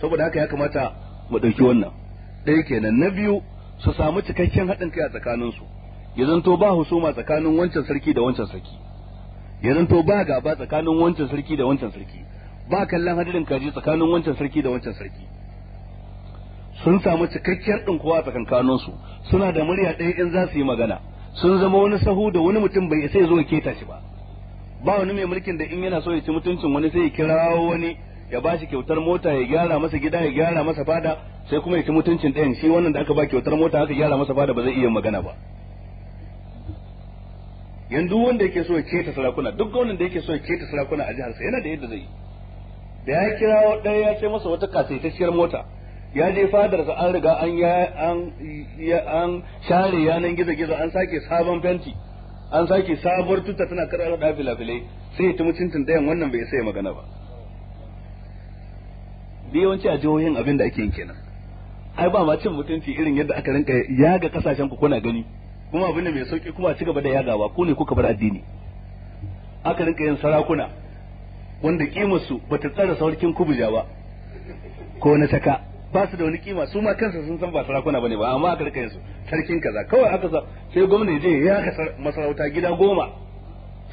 saboda haka ya kamata mu ɗauki wannan ɗaya kenan na biyu su samu cikakken haɗin kai a tsakaninsu ya zanto ba husuma tsakanin wancan sarki da wancan sarki ya zanto ba gaba tsakanin wancan sarki da wancan sarki ba kallon hadirin kaji tsakanin wancan sarki da wancan sarki sun samu cikakkiyar ɗinkuwa a tsakankaninsu suna da murya ɗaya in za su yi magana sun zama wani sahu da wani mutum bai isa ya zo ya keta shi ba ba wani mai mulkin da in yana so ya ci mutuncin wani sai ya kirawo wani ya ba shi kyautar mota ya gyara masa gida ya gyara masa fada sai kuma ya ci mutuncin ɗayan shi wannan da aka ba kyautar mota aka gyara masa fada ba zai iya magana ba yanzu wanda yake so ya keta sarakuna duk gwamnan da yake so ya keta sarakuna a jihar yana da yadda zai da ya kira ɗaya ya ce masa wata kasaitacciyar mota ya je fadarsa an riga an an share yanan gizo-gizo an sake sabon fenti an sake sabuwar tuta tana karar da filafilai sai ya ci mutuncin ɗayan wannan bai sai magana ba da yawanci a jihohin abin da ake yin kenan ai ba ma cin mutunci irin yadda aka rinka yaga kasashen ku kuna gani kuma abin da mai sauki kuma ci gaba da yagawa ku ne kuka bar addini aka rinka yin sarakuna wanda kimar su ta tsara sarkin kubuja ba ko na taka ba su da wani kima su ma kansu sun san ba sarakuna bane ba amma aka rinka yin su sarkin kaza kawai aka sa sai gwamnati je ya ka masarauta gida goma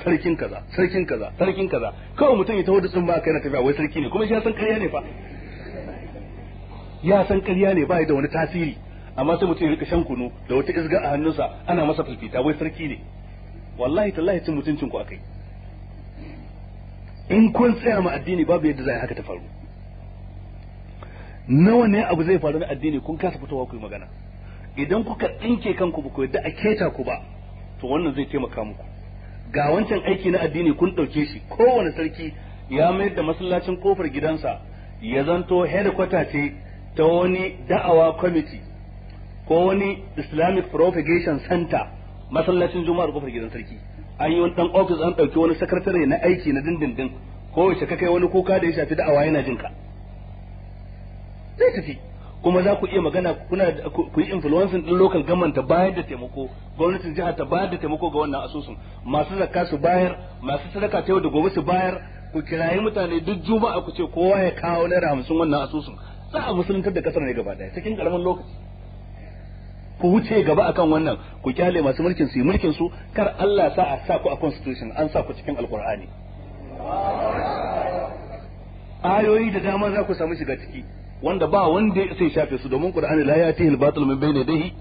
sarkin kaza sarkin kaza sarkin kaza kawai mutum ya taho da tsumba kai na tafiya wai sarki ne kuma shi ya san ƙarya ne fa ya san ƙarya ne ba da wani tasiri amma sai mutum ya rika shan kunu da wata isga a hannunsa ana masa fifita wai sarki ne wallahi tallahi cin mutuncin ku akai in kun tsaya ma addini babu yadda za a haka ta faru nawa ne abu zai faru na addini kun kasa fitowa ku yi magana idan kuka tsinke kanku ba ku yadda a keta ku ba to wannan zai taimaka muku ga wancan aiki na addini kun ɗauke shi kowane sarki ya mayar da masallacin kofar gidansa ya zanto headquarter ce ta wani da'awa committee ko wani islamic propagation center masallacin juma'ar kofar gidan sarki an yi wani dan office an ɗauki wani sakatare na aiki na dindindin ko ka kai wani kuka da ya shafi da'awa yana jin ka zai tafi kuma za ku iya magana kuna ku yi influencing din local government ta bayar da taimako gwamnatin jihar ta bayar da taimako ga wannan asusun masu zakka su bayar masu sadaka ta yau da gobe su bayar ku kirayi mutane duk juma'a ku ce kowa ya kawo naira hamsin wannan asusun za a musuluntar da kasar ne gaba daya cikin karamin lokaci ku wuce gaba akan wannan ku kyale masu mulkin su mulkin su kar Allah sa a sa ku a constitution an sa ku cikin alkur'ani ayoyi da dama za ku samu shiga ciki wanda ba wanda sai shafe su domin qur'ani la yatihil batil min bayni yadayhi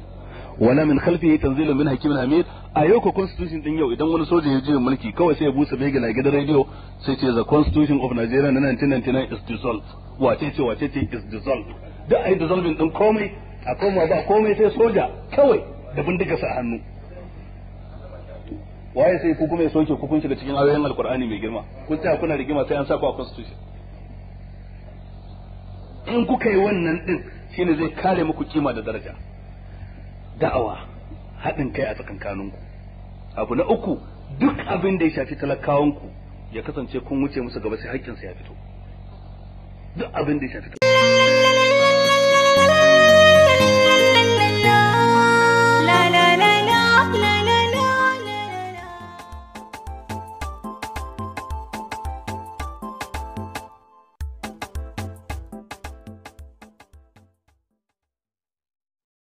wala min khalfihi tanzilun min hakimin hamid a yau ko constitution din yau idan wani soja ya jiya mulki kawai sai ya busa bege na gidan radio sai ce the constitution of Nigeria na 1999 is dissolved wace ce wace ce is dissolved duk ai dissolving din komai a koma ba komai sai soja kawai da bindiga sa hannu waye sai ku kuma ya soke ku kun shiga cikin ayoyin alqur'ani mai girma kun tsaya kuna rigima sai an sa ku a constitution in kuka yi wannan din shine zai kare muku kima da daraja da'awa haɗin kai a tsakankaninku abu na uku duk abin da ya shafi talakawanku ya kasance kun wuce musu gaba sai haƙƙinsu ya fito duk abin da ya shafi talakawanku.